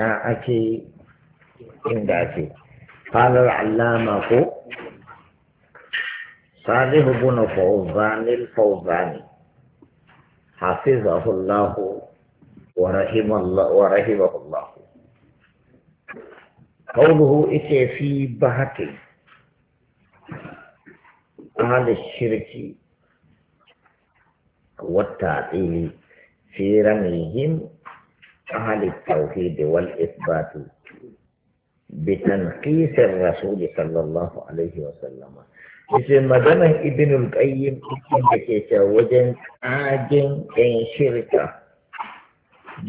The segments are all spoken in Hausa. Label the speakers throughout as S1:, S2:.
S1: الصناعة إنداتي قال العلامة صالح بن فوزان الفوزان حفظه الله ورحم الله ورحمه الله قوله إتي في بهتي أهل الشرك والتعطيل في رميهم أهل التوحيد والإثبات بتنقيس الرسول صلى الله عليه وسلم إذا ما مدن ابن القيم اسم بكيتا وجن آجن إن شركة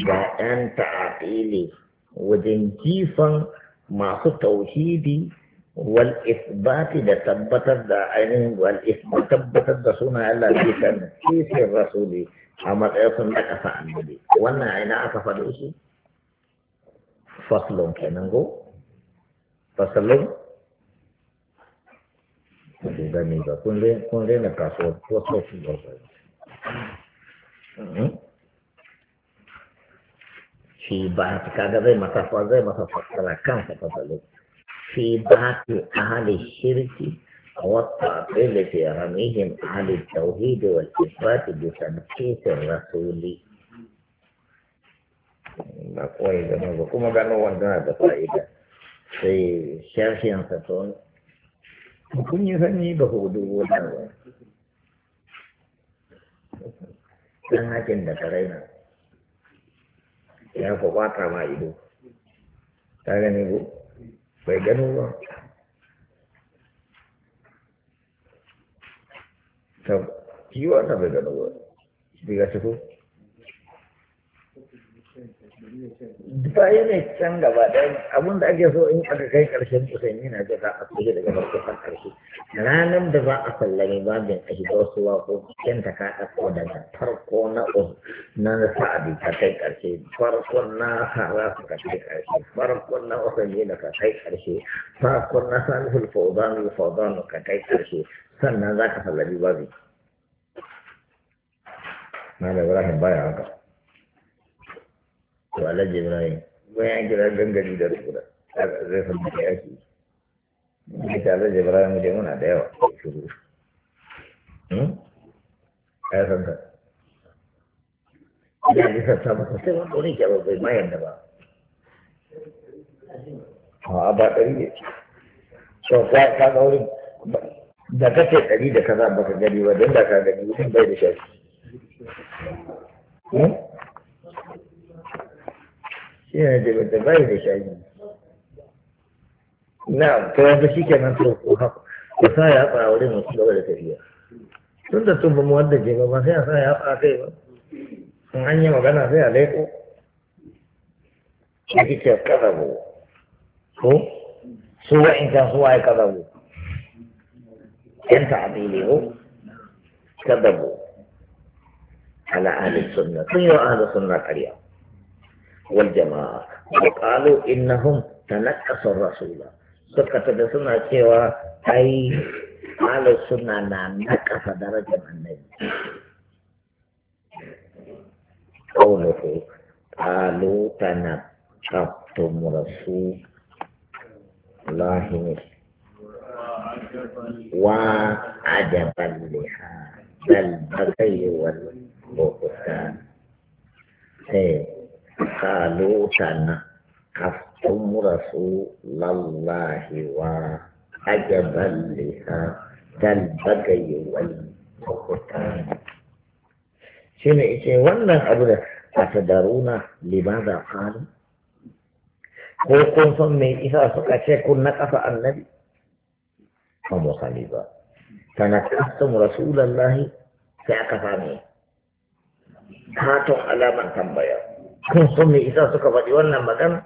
S1: بأن تعقيلي وجن جيفا مع توحيدي والإثبات لتبتد عينهم والإثبات تبتد سنة الله بتنقيس الرسول a matsayin sun da ƙasa a annabi wannan aina aka faɗi su faslon kenan go faslon ku gani ba kun rena kasuwar wasu su ba hmm? shi ba fi kaga zai masa zai masa fassara kan fasalin fi ba ta ahali shirki والتعطيل في رميهم عن التوحيد والإثبات بتنفيذ الرسول akwai zama ba kuma gano wanda da fa'ida sai shafin saton kun yi sanyi ba hudu wadda ba ɗan hakin da karai na ya ku kwata ido ta bai gano ba to shi wannan bai gano ba bai ga shi ko Ba ne can gaba ɗaya abin da ake so in aka kai ƙarshen kusan yana da za a kuɗi daga farko har ƙarshe ranar da za a sallame babin a shiga wasu waƙoƙin ta ka ɗauko daga farko na un na sa'adi ka kai ƙarshe farkon na sara su ka kai ƙarshe farkon na usanni da ka kai ƙarshe farkon na salisul faudanu faudanu ka kai ƙarshe sannan za ka ba babin Malam Ibrahim baya haka. To Alhaji Ibrahim bayan kira gangari da da zai san da yaki. Ni ta Alhaji Ibrahim dai muna da yawa shuru. Hmm? Ai san ka. ina ji sassa ba sai wani wani ke bai mayan da ba. A ba ɗari ne. so ka ga wurin da kace ɗari da kaza ka gani ba don da ka gani wurin bai da shafi. Eh? shi ne da da bai da shayi na to yanzu shi kenan to ko ko sa ya tsaya wurin mu gaba da tafiya tun da tun bamu mu wanda je ba sai a sa ya tsaya kai ba in an yi magana sai a laiko shi kike kazabu ko su in can su waye kazabu yan abili ko kazabu على أهل السنة سنوا أهل السنة اليوم والجماعة وقالوا إنهم تنكسوا الرسول سكت بسنة سوى أي أهل السنة نكس درجة النبي قوله قالوا تنكبتم رسول الله وعجبا لها بل بغي والله بوكستان قالوا قالوتنا قفتم رسول الله وعجبا لها كالبقي شنو ايش ولا ابدا اتدرون لماذا قالوا ko kun san me isa suka ce kun na kafa annabi kan kana rasulullahi sai aka katon alamar tambaya kun sun mai isa suka faɗi wannan magana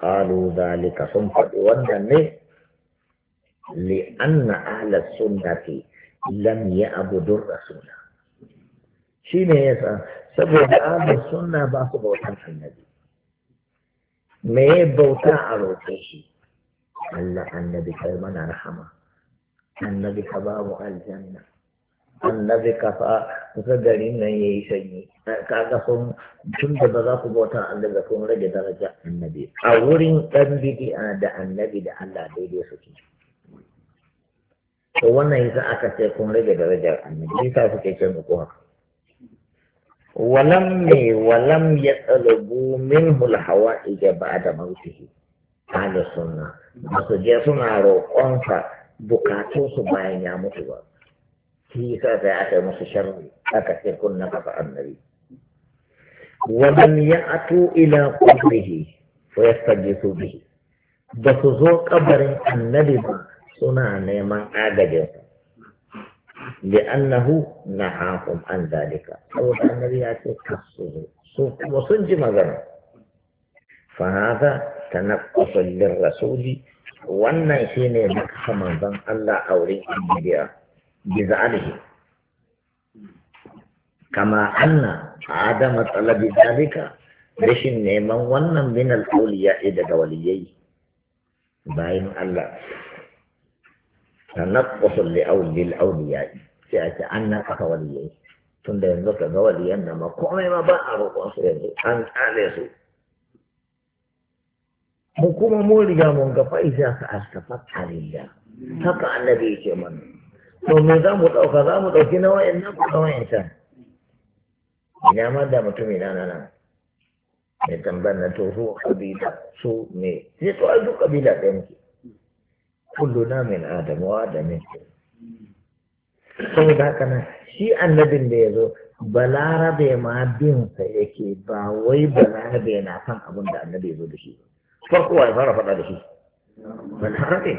S1: ƙalu zalika sun faɗi wannan ne li'anna ahlas sunnati lam ya'budu rasula shine yasa saboda ahlus sunna ba su bautan annabi me ya bauta a roƙe shi Allah annabi kai mana rahama annabi ka ba mu aljanna annabi kafa kusa garin nan ya yi Ka kaga sun tun da ba za ku bauta annabi sun rage daraja annabi a wurin ɗan bidi'a da annabi da Allah daidai suke to wannan yasa aka ce kun rage darajar annabi yasa suke ce muku haka walam me walam ya tsalabu min hulhawa ija ba da mautihi ahlus sunna ba su je suna roƙonsa bukatunsu bayan ya mutu ba في تسعة مستشر أكثر كنا قطع النبي ومن يأتوا إلى قبره ويستجث به بفضو قبر النبي سنع نعم أعجج لأنه نعاكم عن ذلك أو النبي يأتي كسره وصنج مذر فهذا تنقص للرسول وأن حين مكحما ظن الله أوري النبي بزعله كما أن عدم طلب ذلك rashin neman wannan من الأولياء إذا daga باين bayan Allah ta naƙwasun li'aulil auliya sai yanzu ka ga waliyan na ma komai ma ba a roƙon su yanzu an tsale su mu kuma mu riga mun ga fa'isa ka askafa aliyya haka annabi yake mana to me za mu ɗauka za mu ɗauki na wa'in nan ko na wa'in can ina ma da mutum ina na nan mai tambar na to su kabila su ne Ne to a duk kabila ɗaya muke kullu na min adam wa adamin da haka nan shi annabin da ya zo balarabe ma bin sa yake ba wai balarabe na san abin da annabi ya zo da shi farko wa ya fara faɗa da shi balarabe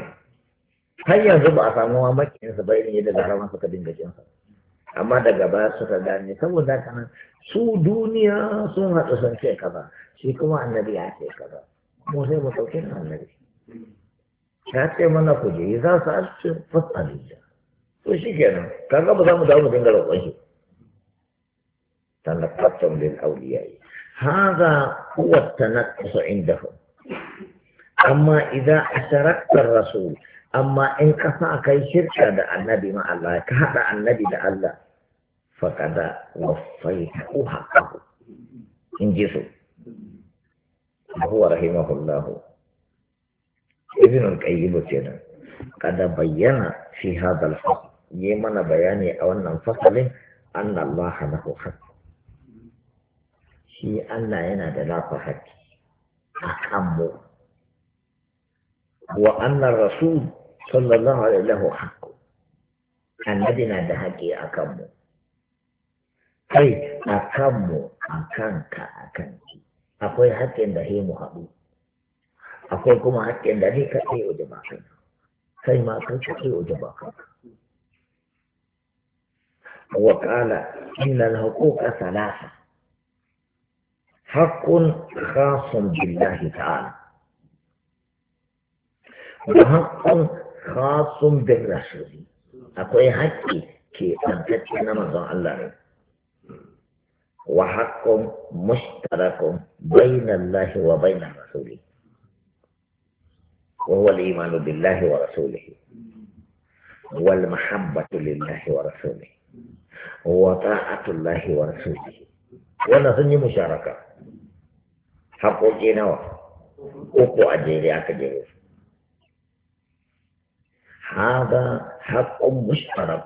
S1: har yanzu ba a samu mamakinsa ba irin yadda zahara suka dinga jinsa amma daga baya suka gane saboda kana su duniya sun haɗu sun ce kaza shi kuma annabi ya ce kaza mu sai mu sauke na annabi ya ce mana ku je za su arce fasalija to shi kenan kaga ba za mu dawo mu dinga roƙon shi yi, lil awliyai hadha huwa kusa inda amma idan asharakta ar-rasul amma in ka sa kai shirka da annabi ma Allah ka haɗa annabi da Allah faƙada wasai uha ahu in ji su abuwa rahimahullahu ibn al-qayyim kenan kada bayyana fi hadal haq yi mana bayani a wannan fasalin anna Allah lahu haq shi Allah yana da lafa haƙƙi a kanmu wa annar rasul صلى الله عليه له حق الذي نادهكي أكمو أي أكمو أكانك أكانك أقول حق إن هي محبو أقول كما حق إن ذلك أي أجباك سي ما أقولك أي هو قال إن الحقوق ثلاثة حق خاص بالله تعالى وحق khasun bin Rashidi, akwai haƙƙi ke tantacce na mazan Allah ne wa haqqun mushtarakun bainallahi wa bainar rasuli wa huwa imanu billahi wa rasulihi wal mahabbatu lillahi wa rasuli wa ta'atullahi wa rasuli wannan sun yi musharaka haƙoƙi nawa uku a jere aka jere هذا حق مشترك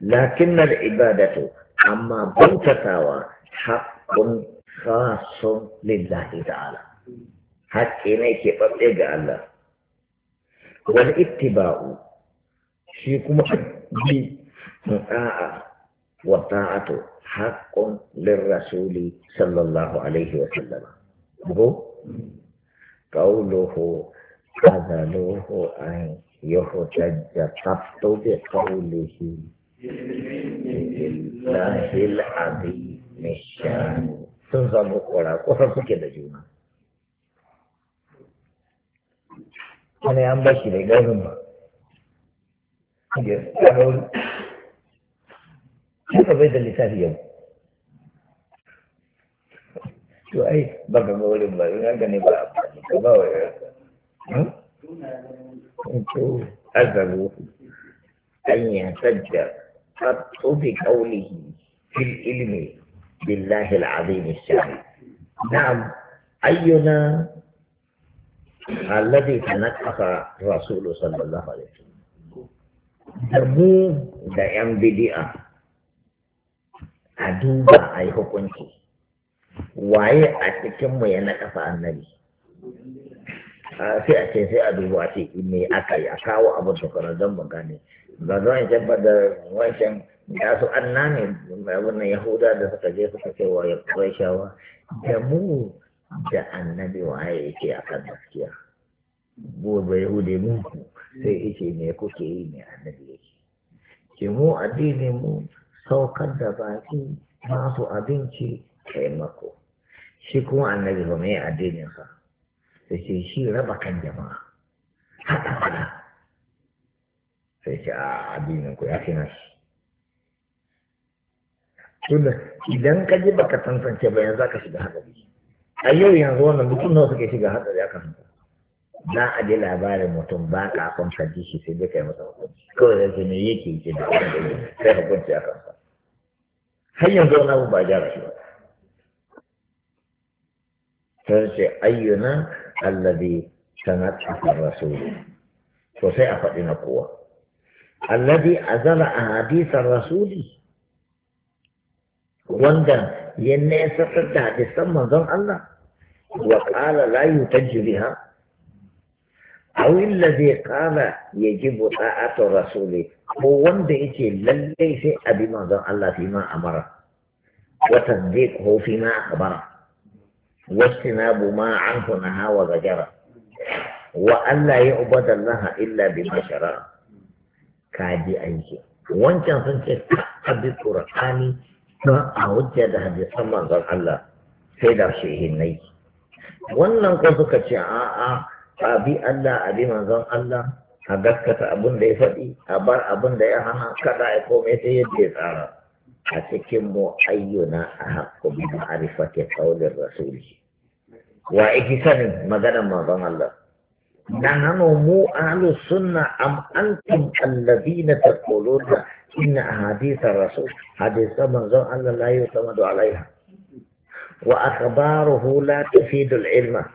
S1: لكن العبادة أما بنتتاوى حق خاص لله تعالى حق إليك فبقى الله والاتباع فيكم بطاعة والطاعة حق للرسول صلى الله عليه وسلم قوله أذلوه أن يحتج قط بقوله لله العظيم الشان سنظم قرآن قرآن كده دجونا أنا أم بشي لغاهم يستعون كيف اللي اللسان يوم شو أي بقى مولي بقى ينقني بقى بقى بقى أذبوا أن ينسجد خط بقوله في العلم بالله العظيم الشان نعم أينا الذي تنقص الرسول صلى الله عليه وسلم دمو da ‘yan bidi'a a duba a yi hukunci waye a cikinmu ya na kafa annabi Ah, sai a ce sai a duba ce ne aka yi a kawo da kwanar don mu gane ba zan jabba da wancan ya su an nane wannan yahuda da suka je suka ce wa shawa da mu da annabi waye yake a kan gaskiya gobe yahude mu sai yake me kuke yi ne annabi yake ke mu addini mu saukar da baki masu abinci taimako shi kuma annabi ba mai addinin sa sai ce shi raba kan jama'a haka fada sai ce a addinin ku ya fi nashi tunda idan ka ji baka tantance bayan za ka shiga hatsari a yau yanzu wannan mutum nawa suke shiga hatsari a kanta na a ji labarin mutum ba ka kwanta ka ji shi sai dai kai masa hukunci kawai yanzu ne yake yake da wani da yake sai hukunci a kanta har yanzu wani abu ba gyara shi ba sai ce ayyuna alladhi sanat akan rasul so a faɗi na kowa alladhi azala a hadisan rasuli wanda ya nesa da hadisan magan Allah wa qala la yutajju biha aw alladhi qala yajibu ta'atu rasuli ko wanda yake lalle sai a bi magan Allah fi ma amara watan tadbiqu fi ma akbara واجتناب ما عنه نهى وزجر وأن لا يعبد الله إلا بما شرع كادي أيكي wancan sun ce hadis qur'ani don a hujja da hadisan manzon Allah sai da shehinai wannan ko suka ce a'a a bi Allah abi manzon Allah a gaskata abin da ya faɗi a bar abin da ya hana kada ya komai sai yadda ya tsara a cikin mu ayyuna a haƙƙo bi ma'arifa ke kawalin rasuli wa iki sanin maganar mazan Allah dan hano mu ahlu sunna am antum allazi na tarkolona inna a hadisar rasul hadisa manzon Allah la yi sama wa akabaru hula ta fi ilma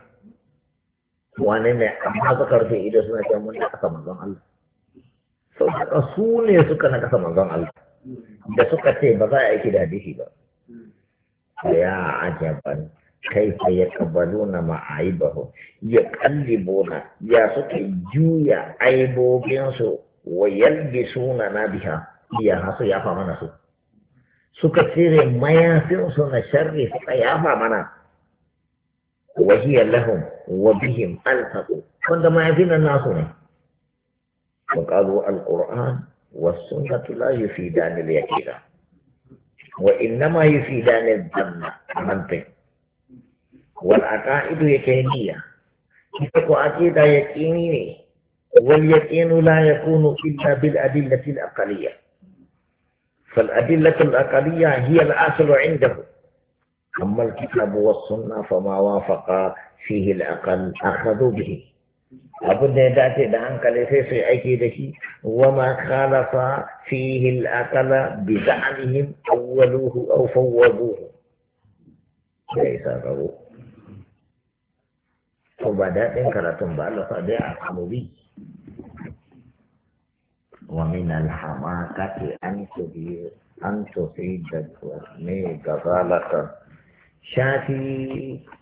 S1: wani ne amma suka rufe ido suna jan wani kasa manzon Allah sau da suka na kasa manzon Allah da suka ce ba za a yi da dishi ba ya ajaban kai fa ya kabalu na ma'aibahu ya bona, ya suke juya aibobinsu wa suna na biha iya hasu ya fa mana su suka cire mayafinsu na sharri suka yafa mana wahiyar lahum wa bihim alfaɗo, wanda mayafinan nasu ne wa qalu alquran والسنة لا يفيدان اليقين وإنما يفيدان الظن منطق والعقائد يقينية تكو عقيدة يقينية واليقين لا يكون إلا بالأدلة الأقلية فالأدلة الأقلية هي الأصل عنده أما الكتاب والسنة فما وافق فيه الأقل أخذوا به أبدا داتي دهان كالي في أيكي وما خالف فيه الأكل بزعمهم أولوه أو فوضوه ليس فوضوه وبدأت كرتم بعد صديع الحبوبي ومن الحماقة أن تدير أن تصيبك ومي غزالة شافي